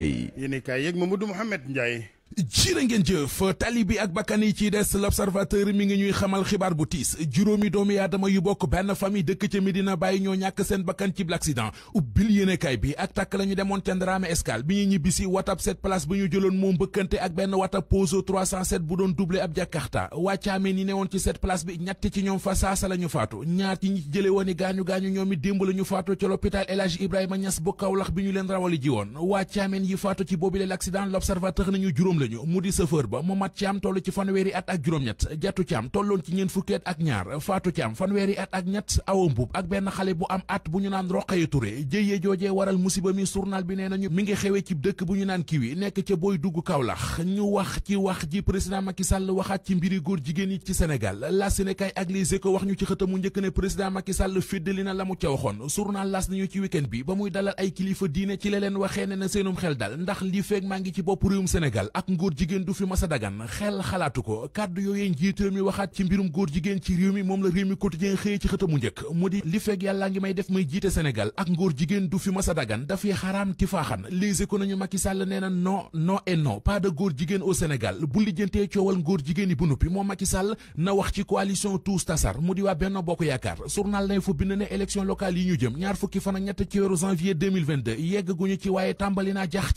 yéen kay ma Mamadou Mouhamed Ndiaye jërë ngeen jëf tali bi ak bakkan yi ci des l'observateur mi ngi ñuy xamal xibaar bu tiis juróomi doomi aadama yu bokk benn famille dëkk ca Medina Baye ñoo ñàkk seen bakkan ci l'accident ubbil yéenekaay bi ak tàkk la demoon ca Ndramé Escale bi ñuy ñibbisi watab 7 place bu ñu jëloon moom mbëkkante ak benn watab Peugeot 307 bu doon doublé ab Jakarta wàccaameen yi newoon ci 7 place bi ñett ci ñoom fa saasa la faatu ñaar ci jële woon i juróom lañu mu di chauffeur ba Momat Thiam toll ci fanweeri at ak juróom-ñett Jatu Thiam tolloon ci ñeent fukki ak ñaar Fatou Thiam fanweeri at ak ñett Awa Mbuub ak benn xale bu am at bu ñu naan Roqaya Touré jëyee joojee waral musiba mi journal bi nee nañu mi ngi xewee ci dëkk bu ñu naan Kiwi nekk ca booy dugg Kaolack ñu wax ci wax ji président Macky Sall waxaat ci mbiri góor jigéen yi ci Sénégal la ak Les Échos wax ñu ci xëtamu njëkk ne président Macky Sall mu ca waxoon journal las nañu ci week-end bi ba muy dalal ay kilifa diine ci la leen waxee ak ngóor jigéen du fi masa dagan xel xalaatu ko kàddu yooyee njiit mi waxaat ci mbirum góor jigéen ci réew mi moom la réew mi quotidien xëyee ci xëtamu njëkk mu di li fekk yàllaa ngi may def may jiite Sénégal ak ngóor jigéen du fi masa dagan dafay xaraam ti faaxan Les Échos nañu Macky Sall nee na non non et non pas de góor jigéen au Sénégal bu lijjantee coowal ngóor jigéen yi bu nuppi moom Macky Sall na wax ci coalition tous tasar mu di waa Benno Bokk Yaakaar journal nay fu bind ne ñaar fukki fan ak ñett ci weeru janvier 2022 yegg guñu ci waaye tàmbali naa jax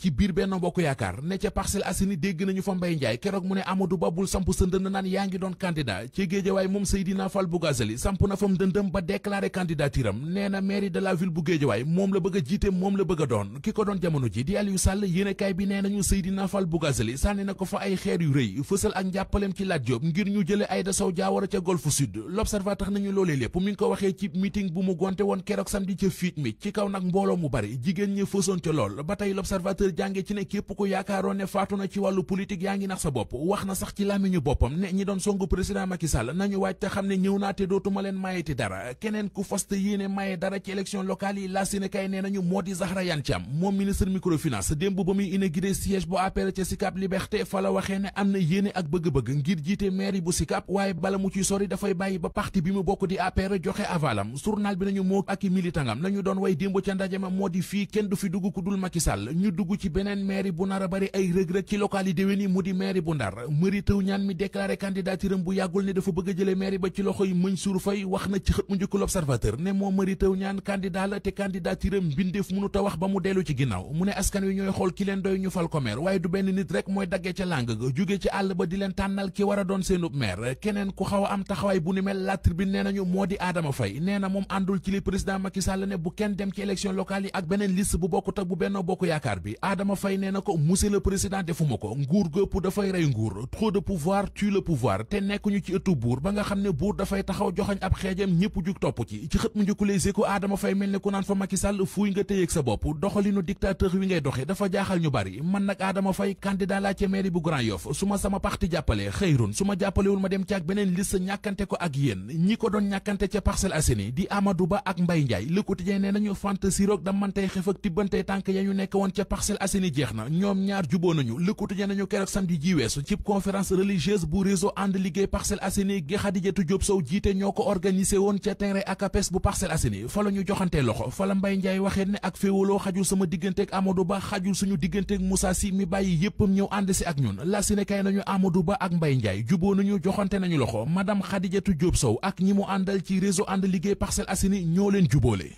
dégg nañu fa Mbaye Ndiaye keroog mu ne Amadou Ba bul samp sa ndënd naan yaa ngi doon candidat ci Géejawaay moom Seydina Fall Bougazelli samp na fam ndëndëm ba déclaré candidature nee na mairie de la ville bu Géejawaay moom la bëgg a jiite moom la bëgg a doon ki ko doon jamono ji di Aliou Sall yéenekaay bi nee nañu Seydina Fall Bougazelli sànni na ko fa ay xeer yu rëy fësal ak njàppaleem ci Lat Diop ngir ñu jële Aïda Sow Diawara ca Golf Sud L'Observateur nañu loolee ko waxee ci meeting bu mu gonte woon keroog samedi ca mu bari jigéen ñi fësoon ca lool ba tey L'Observateur jànge ci ne na wàllu politique yaa ngi wax na sax ci làmmiñu boppam ne ñi doon songu président Macky nañu waaj te xam ne ñëw naa dootuma leen mayeti dara keneen ku fas yéene maye dara ci élection locale yi la sine nañu moo di Zahra Iyane Thiam moom ministre microfinance démb ba muy inauguré siège bu APR ca Sicap Liberté fa la ne am na yéene ak bëgg-bëgg ngir jiite mairie bu Sicap waaye bala mu ciy sori dafay bàyyi ba parti bi mu bokk di APR joxe avalam journal i Mali déwén yi mu di maire bu Ndar Mary Teuw Niane mi déclaré candidature bu yàggul ne dafa bëgg a jëlee ba ci loxo yi Mansour Faye wax na ci xët mu njëkk l'Observateur ne moom Mary Teuw Niane candidat la te candidature am mbindeef mënu wax ba mu dellu ci ginnaaw mu ne askan wi ñooy xool ki leen doy ñu fal ko maire waaye du benn nit rek mooy daggee ca làng ga jóge ci àll ba di leen tànnal ki war a doon seenub maire keneen ku xaw am taxawaay bu ni mel la tribune moo di Adama Faye nee na moom àndul ci li président Macky Sall bu kenn dem ci élection locale yi bu bokkut ak bu Benno Bokk Yaakaar bi Adama Faye nee na ko monsieur le defuma ko ko nguur gu ëpp dafay rey nguur trop pouvoir tue le pouvoir te nekkuñu ci ëttu buur ba nga xam ne buur dafay taxaw joxañ ab xeejam ñëpp jug topp ci ci xët mu njëkk Les Adama Faye mel ne ku naan fa Macky Sall nga téyeeg sa bopp doxalinu dictateur wi ngay doxe dafa jaaxal ñu bari man nag Adama Faye candidat laa bu Grand Yoff su ma sama parti jàppale xëyrun su ma jàppalewul ma dem ci ak beneen liste ñàkkante ko ak yéen ñi ko doon ñàkkante daje nañu keroog samedi ji weesu cib conférence religieuse bu liggéey Parcelles Assainies gi Xadijatu Jóob Sow jiite ñoo ko organisé woon ca terrain akapes bu Parcelles Assainies fa la ñu joxantee loxo fa la Mbay Njaay waxee ne ak féewaloo xajul sama digganteeg amadu Ba xajul suñu digganteeg Moussa Si mi bàyyi yéppam ñëw ànd si ak ñun la si ne kay nañu amadu Ba ak Mbay Njaay juboo nañu joxante nañu loxo madame Xadijatu Jóob Sow ak ñi mu àndal ci réseau ànd liggéey Parcelles Assainies ñoo leen jubóole